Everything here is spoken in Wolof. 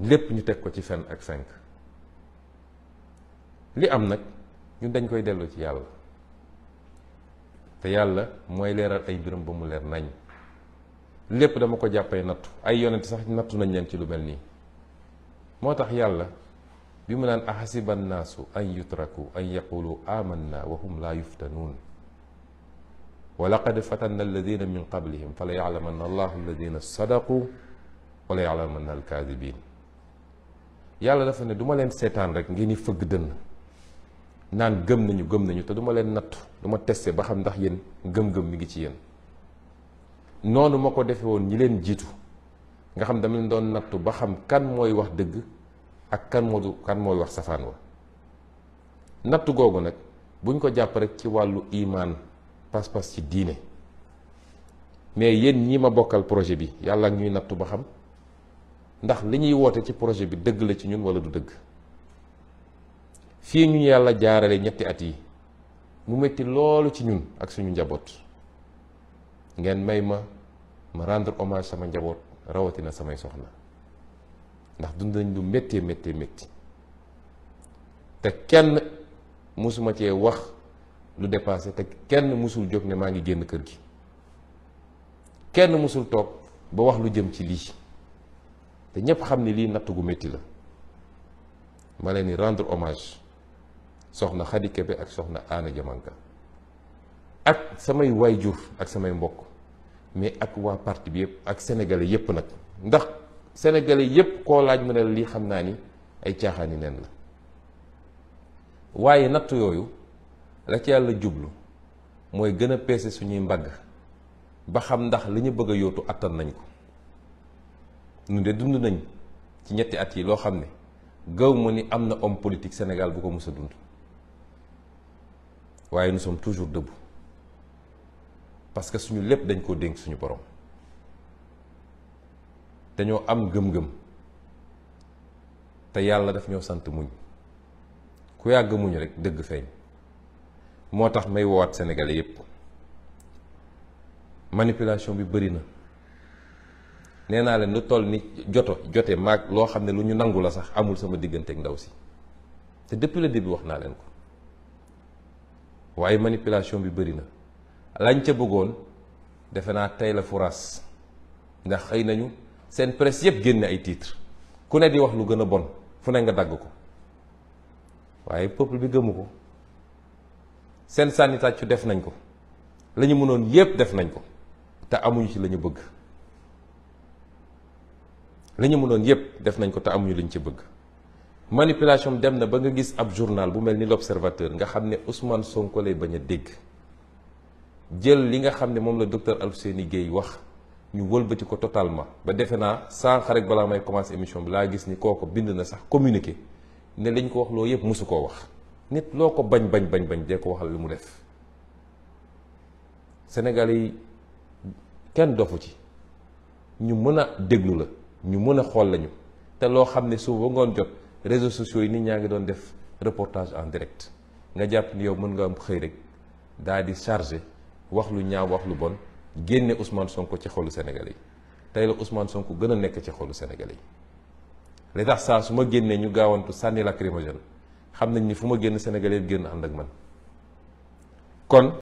lépp ñu teg ko ci fen ak cinq li am nag ñun dañ koy dellu ci yàlla te yàlla mooy leeral ay mbiram ba mu leer nañ lépp dama ko jàppee nattu ay yonent sax nattu nañ leen ci lu mel nii moo tax yàlla bi mu naan ahasiba annaasu an yutraku an yaqulu amanna wa hum laa yuftanuun wa laqad fatanna alladina min qablihim fa la yalamanna allahu alladina sadaqu wa la yalamanna alkaadibin yàlla dafa ne duma leen seetaan rek ngeen ni fëgg dënn naan gëm nañu gëm nañu te duma leen nattu duma ma teste ba xam ndax yéen gëm gëm mi ngi ci yéen noonu ma ko defe woon ñi leen jiitu nga xam dama leen doon nattu ba xam kan mooy wax dëgg ak kan moo du kan mooy wax safaan wa nattu googu nag buñ ko jàpp rek ci wàllu imaan pas-pas ci diine mais yéen ñi ma bokkal projet bi yàlla ak ñuy nattu ba xam ndax li ñuy woote ci projet bi dëgg la ci ñun wala du dëgg fii ñu yàlla jaarale ñetti at yi mu metti loolu ci ñun ak suñu njaboot ngeen may ma ma rendre hommage sama njaboot rawatina samay soxna ndax dund nañ lu méttee méttee métti te kenn musuma cee wax lu dépassé te kenn musul jóg ne maa ngi génn kër gi kenn musul toog ba wax lu jëm ci lii te ñëpp xam ni lii natt gu métti la ma leen di rendre hommage soxna Khady Kébé ak soxna Anna Diamanka ak samay waajur ak samay mbokk mais ak waa parti bi yëpp ak sénégalais yëpp nag ndax sénégalais yëpp koo laaj mu ne lii xam naa ni ay caaxaani neen la waaye natt yooyu la ci yàlla jublu mooy gën a peese suñuy mbagg ba xam ndax li ñu bëgg a yóotu attan nañ ko ñu de dund nañ ci ñetti at yi loo xam ne gaw ma ni am na om politique Sénégal bu ko musa a dund waaye nous sommes toujours debout parce que suñu lépp dañ koo dénk suñu borom dañoo am gëm-gëm te yàlla daf ñoo sant muñ ku yàgg muñ rek dëgg feeñ moo tax may wowaat Sénégalais yépp manipulation bi bëri na nee naa leen lu toll ni joto jote mag loo xam ne lu ñu nangu la sax amul sama diggante ak ndaw si te depuis le début wax naa leen ko waaye manipulation bi bëri na lañ ca bëggoon defe naa tey la furaas ndax xëy nañu seen presse yëpp génne ay titre ku ne di wax lu gën a bon fu ne nga dagg ko waaye peuple bi gëmu ko seen sànni tàccu def nañ ko lañu mënoon yépp def nañ ko te amuñu ci lañu bëgg li ñu mënoon yépp def nañ ko te amuñu liñ ci bëgg manipulation dem na ba nga gis ab journal bu mel ni l'observateur nga xam ne Ousmane Sonko lay bañ a dégg jël li nga xam ne moom la docteur Alfousseyni Guèye wax ñu wëlbati ko totalement ba defe naa sànq rek balaa may commencer émission bi laa gis ni kooko bind na sax communiqué ne liñ ko wax loo yépp mosu koo wax nit loo ko bañ bañ bañ bañ dee ko waxal li mu def Sénégal yi kenn dofu ci ñu mën a déglu la ñu mën a xool lañu te loo xam ne suba ba ngoon jot réseaux sociaux yi nit ñaa ngi doon def reportage en direct nga jàpp ni yow mën nga am xëy rek daa di chargé wax lu ñaaw wax lu bon génne Ousmane sonk ci xolu Sénégalais yi tey la Ousmane sonk gën a nekk ci xolu Sénégalais yi li tax saa su ma génnee ñu gaawantu sànni lacrymogène xam nañ ni fu ma génn Sénégalais yi génn ànd ak man